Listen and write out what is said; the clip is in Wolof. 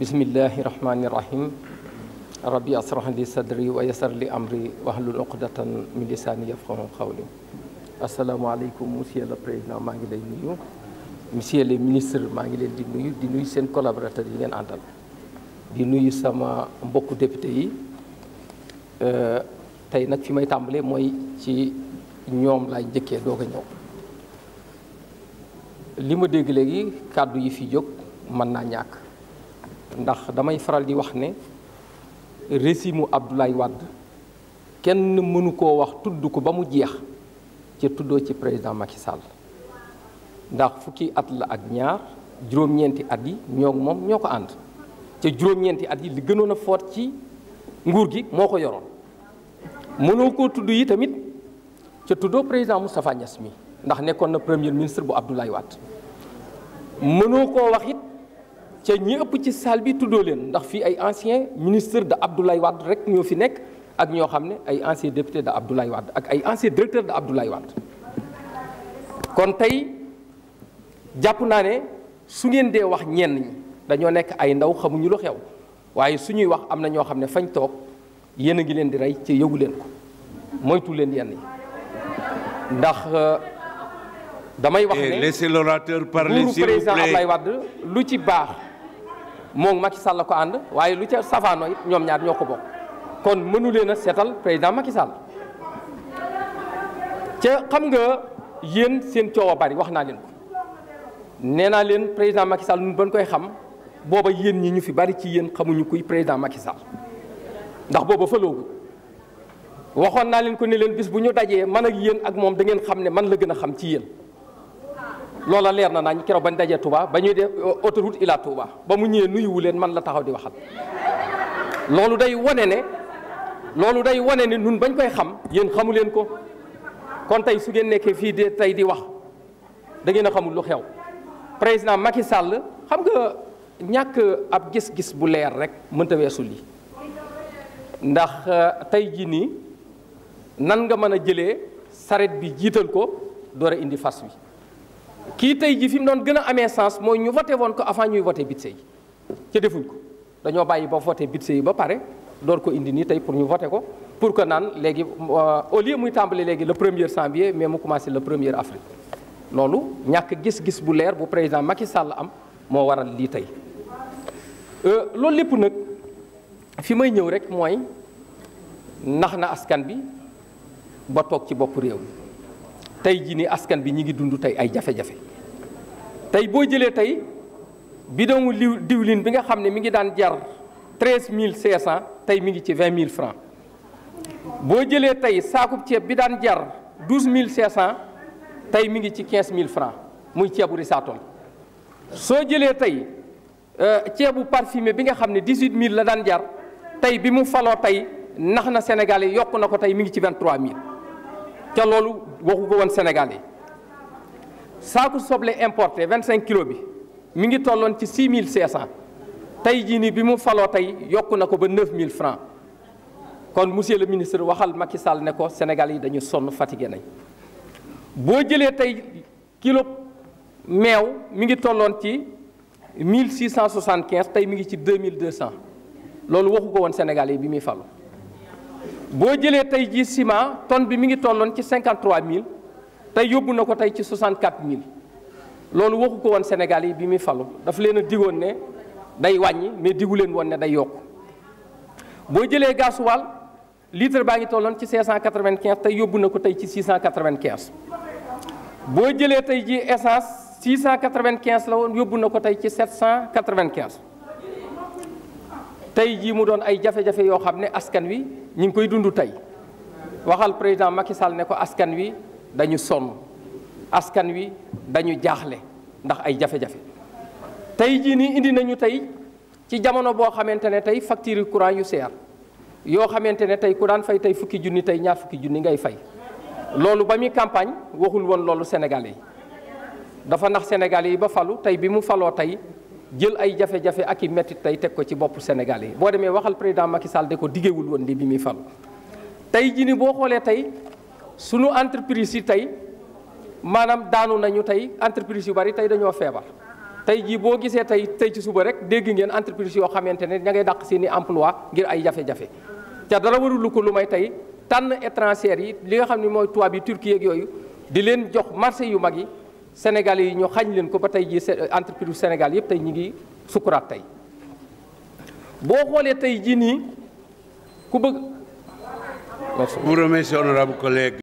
bismillahi rahmaani rahim rabbi asrah li sadri wa yasar li amri wahlul uqdatan min lisaani yafqahu qawli asalaamaaleykum monsieur le président maa ngi lay nuyu monsieur le ministre maa ngi leen di nuyu di nuyu seen collaborateur yi ngeen àndal di nuyu sama mbokku député yi euh, tey nag fi may tàmbalee mooy ci ñoom laay njëkkee doog a ñëw li ma dégg léegi kàddu yi fi jóg mën naa ñàkk ndax damay faral di wax ne régime Abdoulaye Wade kenn mënu koo wax tudd ko ba mu jeex ci tuddoo ci président Macky Sall ndax fukki at la ak ñaar juróom-ñeenti at yi ñoo moom ñoo ko ànd ca juróom-ñeenti at yi li gënoon a foot ci nguur gi moo ko yoroon mënoo koo tudd yi tamit ca tuddoo président Moustapha Niass mi ndax nekkoon na premier ministre bu Abdoulaye Wade mënoo koo wax ca ñi ëpp ci salle bi tuddoo leen ndax fii ay ancien ministre de Abdoulaye Wade rek ñoo fi nekk ak ñoo xam ne ay ancien député de Abdoulaye Wade ak ay ancien directeur de Abdoulaye Wade kon tey jàpp naa ne su ngeen dee wax ñenn ñi dañoo nekk ay ndaw xamuñu lu xew waaye su ñuy wax am na ñoo xam ne fañ toog yéen a ngi leen di rey ci yëgu leen ko moytu leen yenn yi ndax euh, damay wax ne laissez l'orateur parler s'il vous plaît lu ci baax moom Macky Sall la ko ànd waaye lu ca safaanoo ñoom ñaar ñoo ko bokk kon mënu leen a seetal président Macky Sall ca xam nga yéen seen coow a bari wax naa leen ko nee naa leen président Macky Sall ñun bañ koy xam booba yéen ñi ñu fi bari ci yéen xamuñu kuy président Macky Sall ndax booba fëloogu waxoon naa leen ko ne leen bis bu ñu dajee man ak yéen ak moom da ngeen xam ne man la gën a xam ci yéen. loola leer na naa nañ keroog bañ dajee Touba ba ñuy def euh, autoroute ila Touba ba mu ñëwee nuyuwu leen man la taxaw di waxal loolu day wane ne loolu day wane ne nun bañ koy xam yéen xamu leen ko kon tey su ngeen nekkee fii de tey di wax da ngeen a xamul lu xew président Macky sàll xam nga ñàkk ab gis-gis bu leer rek mënta weesu lii ndax euh, tey jii nii nan nga mën a jëlee saret bi jiital ko door a indi fas wi kii tey ji fi mu doon gën a amee sens mooy ñu voté woon ko avant ñuy voté budget yi ci defuñ ko dañoo bàyyi ba voté budget yi ba pare door ko indi nii tey pour ñu voté ko pour que naan léegi euh, au lieu muy tàmbali léegi la premier janvier mais mu commencé le premier avril loolu ñàkk gis-gis bu leer bu président Macky Sall am moo waral lii tey euh, loolu lépp nag fi may ñëw rek mooy nax na askan bi ba toog ci bopp réew mi tey jii ni askan bi ñu ngi dund tey ay jafe-jafe tey boo jëlee tey bidon liw diwlin bi nga xam ne mi ngi daan jar treize mille cinq cent tey mi ngi ci vingt mille francs boo jëlee tey saakub ceeb bi daan jar douze mille cinq cent tey mi ngi ci quinze mille francs muy ceebu risaatol soo jëlee tey euh, ceebu parfumé bi nga xam ne dix-huit mille la daan jar tey bi mu faloo tey nax na Sénégal yi yokk na ko tey mi ngi ci vingt-trois mille ca loolu waxu ko woon Sénégal yi saaku soble importé 25 kilos bi mu ngi tolloon ci 6500 tey jii nii bi mu faloo tey yokk na ko ba 9000 francs kon monsieur le ministre waxal Macky Sall ne ko Sénégal yi dañu sonn fatigué nañ boo jëlee tey kilo meew mi ngi tolloon ci 1675 tey mi ngi ci 2200 loolu waxu ko woon Sénégal yi bi muy falu boo jëlee tey jii ciment tonne bi mi ngi tolloon ci mille tey yóbbu na ko tey ci 64000 loolu waxu ko woon Sénégal yi bi muy falu dafa leen a digoon ne day wàññi mais digu leen woon ne day yokk boo jëlee gasoil litre baa ngi tolloon ci 595 tey yóbbu na ko tey ci 695. boo jëlee tey jii essence 695 la woon yóbbu na ko tey ci 795. tey jii mu doon ay jafe-jafe yoo xam ne askan wi ñu ngi koy dund tey waxal président Macky Sall ne ko askan wi dañu sonn askan wi dañu jaaxle ndax ay jafe-jafe tey jii nii indi nañu tey ci jamono boo xamante ne tey facture courant yu seer yoo xamante ne tey ku daan fey tey fukki junni tey ñaar fukki junni ngay fay loolu ba muy campagne waxul woon loolu Sénégalais yi dafa nax Sénégalais yi ba falu tey bi mu faloo tey jël ay jafe-jafe ak i métti tey teg ko ci bopp Sénégal yi boo demee waxal président Macky Sall de ko diggéewul woon li bi muy fal tey jii ni boo xoolee tey sunu entreprise yi tey maanaam daanu nañu tey entreprise yu bari tey dañoo feebar tey jii boo gisee tey tey ci suba rek dégg ngeen entreprise yoo xamante ne ña ngay dàq seeni emplois ngir ay jafe-jafe te dara warul ko lu may tey tànn étrangers yi li nga xam ne mooy tubaab yi Turquie ak yooyu di leen jox marché yu mag yi Sénégal yi ñu xañ leen ko ba tey jii entreprise Sénégal yëpp tey ñu ngi sukkuraat tey boo xoolee tey jii nii ku bëgg. merci beaucoup vous remercie